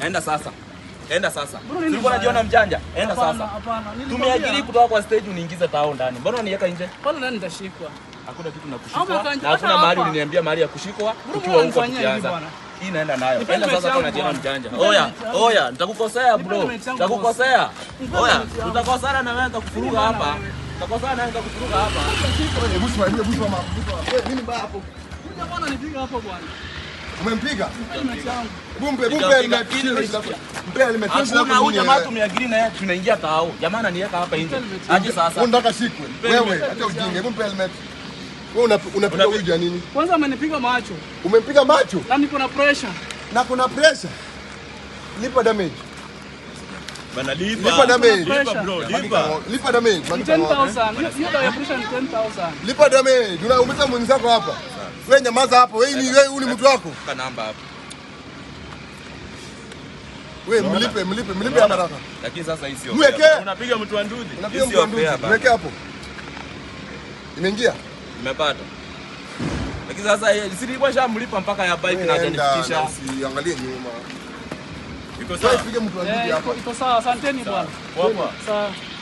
Enda sasa. Enda sasa. Tulikuwa tunajiona mjanja. Enda sasa. Hapana. Tumeajiri kutoka kwa stage uniingize tao ndani. Mbona unaniweka nje? Mbona nani nitashikwa? Hakuna kitu na kushikwa. Hakuna mahali uliniambia mahali ya kushikwa. Tukiwa huko tukianza. Hii naenda nayo. Enda sasa kwa najiona mjanja. Oya, oya, nitakukosea bro. Nitakukosea. Oya, tutakosana na wewe nitakufuruga hapa. Nitakosana na wewe nitakufuruga hapa. Hebu simamia, hebu simamia. Mimi baba hapo. Kuja bwana nipiga hapo bwana. Umempiga? Bumbe bumbe bumbe Mpea jamaa tumeagree na tunaingia tao. Jamaa ananiweka hapa nje. Aje sasa. Unataka siku. Wewe acha ujinge. Bumbe limepiga. Wewe unapiga huyu jana Kwanza amenipiga macho. Umempiga macho? Na niko na pressure. Na kuna pressure. Lipa damage. lipa. Lipa damage. Lipa lipa. Lipa damage. Lipa damage. mwenzako hapa. Wewe nyamaza hapo. Wewe ni wewe uli mtu wako. Kaka namba hapo. Wewe mlipe mlipe mlipe haraka. Lakini sasa hii sio. Mwekee. Unapiga mtu wa ndudi. Unapiga mtu wa ndudi. Mwekee hapo. Imeingia? Nimepata. Lakini sasa hii si nilikuwa shamlipa mpaka ya bike na atanifikisha. Usiangalie nyuma. Iko sawa. Ipige mtu wa ndudi eh, hapa. Iko sawa. Asanteni bwana. Wapo. Sawa.